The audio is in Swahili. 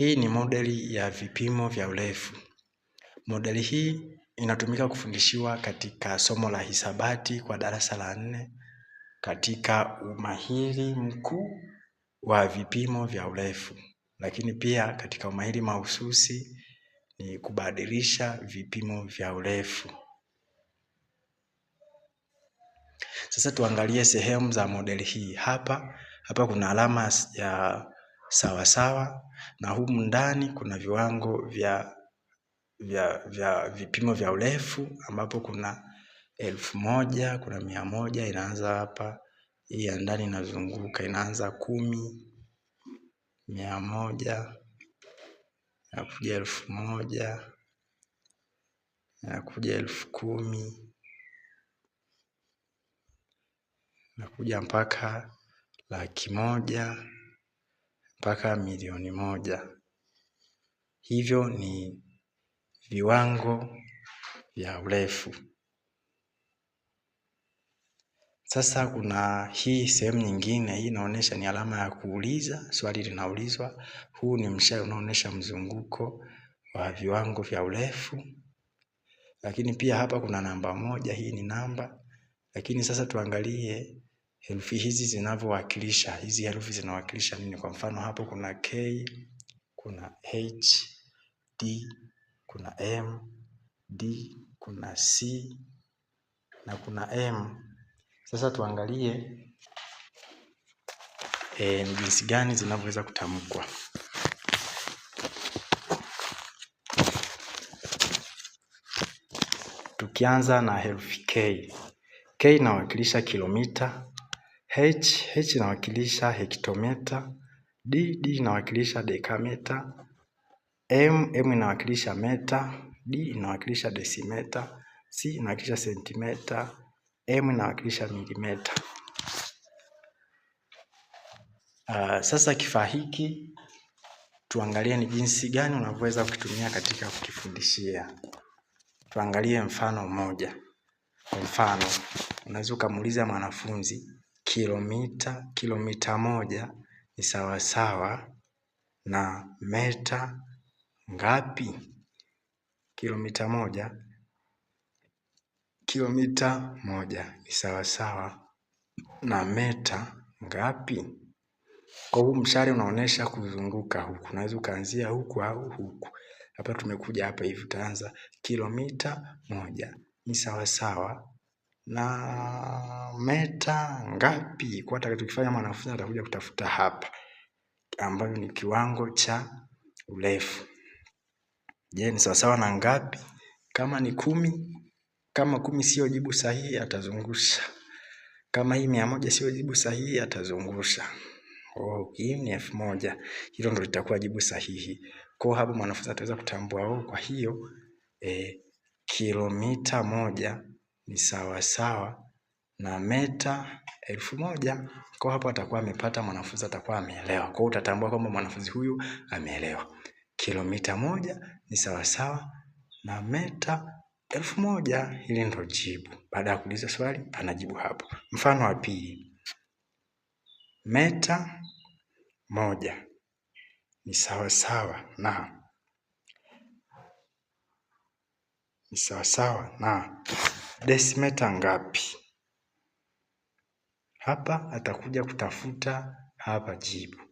Hii ni modeli ya vipimo vya urefu. Modeli hii inatumika kufundishiwa katika somo la hisabati kwa darasa la nne katika umahiri mkuu wa vipimo vya urefu, lakini pia katika umahiri mahususi ni kubadilisha vipimo vya urefu. Sasa tuangalie sehemu za modeli hii. Hapa hapa kuna alama ya sawasawa na humu ndani kuna viwango vya, vya, vya vipimo vya urefu ambapo kuna elfu moja kuna mia moja inaanza hapa hii ya ndani inazunguka inaanza kumi mia moja inakuja elfu moja inakuja elfu kumi inakuja mpaka laki moja mpaka milioni moja. Hivyo ni viwango vya urefu. Sasa kuna hii sehemu nyingine, hii inaonyesha ni alama ya kuuliza, swali linaulizwa. Huu ni mshale unaoonyesha mzunguko wa viwango vya urefu, lakini pia hapa kuna namba moja, hii ni namba. Lakini sasa tuangalie herufi hizi zinavyowakilisha, hizi herufi zinawakilisha nini. Kwa mfano hapo kuna K, kuna H, D, kuna M, D, kuna C na kuna M. Sasa tuangalie e, ni jinsi gani zinavyoweza kutamkwa. Tukianza na herufi K. K inawakilisha kilomita, H, H inawakilisha hektometa. D, D inawakilisha dekameta. M, M inawakilisha meta. D inawakilisha desimeta. C inawakilisha sentimeta. M inawakilisha milimeta. Uh, sasa kifaa hiki tuangalie ni jinsi gani unavyoweza kukitumia katika kukifundishia. Tuangalie mfano mmoja. Kwa mfano, unaweza ukamuuliza mwanafunzi kilomita kilomita moja ni sawasawa na meta ngapi? Kilomita moja. Kilomita moja ni sawasawa na meta ngapi? Kwa huu mshale unaonesha kuzunguka huku, unaweza ukaanzia huku au huku. Hapa tumekuja hapa hivi, utaanza kilomita moja ni sawasawa na meta ngapi kwa hata tukifanya mwanafunzi atakuja kutafuta hapa ambayo ni kiwango cha urefu je ni sawasawa na ngapi kama ni kumi kama kumi sio jibu sahihi atazungusha kama hii mia moja sio jibu sahihi atazungusha oh, hii ni elfu moja hilo ndo litakuwa jibu sahihi Kwa hapo mwanafunzi ataweza kutambua oh, kwa hiyo eh, kilomita moja ni sawasawa na meta elfu moja kwa hapo atakuwa amepata mwanafunzi atakuwa ameelewa. Kwa hiyo utatambua kwamba mwanafunzi huyu ameelewa. Kilomita moja ni sawasawa na meta elfu moja. Hili ndio jibu. Baada ya kuuliza swali, anajibu hapo. Mfano wa pili, meta moja ni sawasawa na ni sawasawa na desimeta ngapi? Hapa atakuja kutafuta hapa jibu.